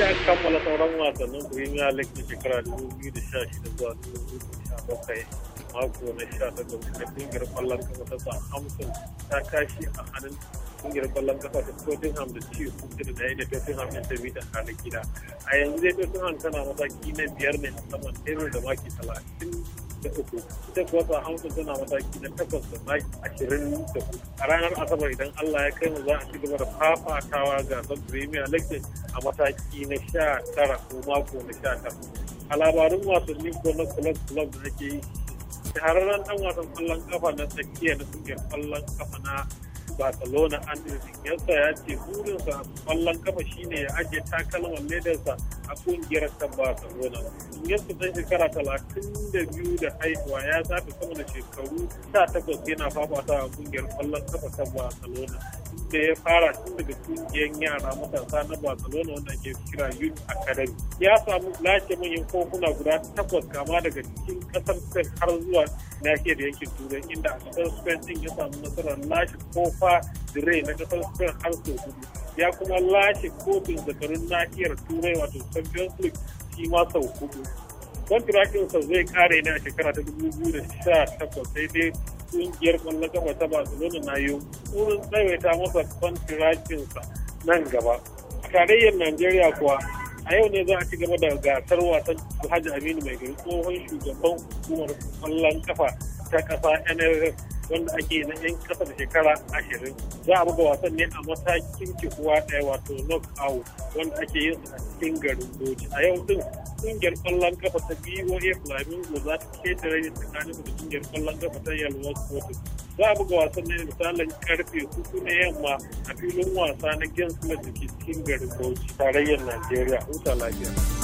jiya kammala sauran wasannin Premier League na shekara 2016 zuwa 2017 mako na 18 da kungiyar kwallon kafa ta Southampton ta kashi a hannun kungiyar kwallon kafa ta Tottenham da ci hukunci da daya da Tottenham ta bi ta gida. A yanzu dai Tottenham tana mataki na biyar ne a saman tebur da maki talatin da uku ita kuwa tana mataki na takwas da maki ashirin da uku a ranar asabar idan allah ya kai mu za a ci gaba da fafatawa gasar premier league a mataki na sha tara ko mako na sha tara a labarin wasanni ko na club club da ake yi shahararren dan wasan kwallon kafa na tsakiya na kungiyar kwallon kafa na barcelona andres iniesta ya ce burinsa kwallon kafa shine ya ajiye takalman ledarsa a kungiyar kan ba Yan shekara talatin da biyu da haihuwa ya zafi sama da shekaru sha takwas yana fafata a kungiyar kwallon kafa kan Barcelona. Da ya fara tun daga kungiyar yara matasa na Barcelona wanda ke kira Youth Academy. Ya samu lashe manyan kofuna guda takwas kama daga cikin kasar Spain har zuwa lafiyar yankin Turai inda a kasar Spain ya samu nasarar lashe kofa dire na kasar spain har sau ya kuma lashe kofin zakarun nahiyar turai wato champions league shi ma sau hudu sau zai kare ne a shekara ta dubu biyu da sha takwas sai dai kungiyar kwallon kafa ta barcelona na yi wurin tsawaita masa sa nan gaba a tarayyar najeriya kuwa a yau ne za a ci gaba da gasar wasan alhaji aminu mai gari tsohon shugaban hukumar kwallon kafa ta kasa nff wanda ake na 'yan kasa da shekara ashirin za a buga wasan ne a matakin cikuwa ɗaya wato knock out wanda ake yin a cikin garin doji a yau din kungiyar kwallon kafa ta BOA Flamingo za ta ketare ne tsakanin da kungiyar kwallon kafa ta Yalwa Sporting za a buga wasan ne misalin karfe hudu na yamma a filin wasa na Gens da ke cikin garin doji tarayyar Najeriya huta lafiya.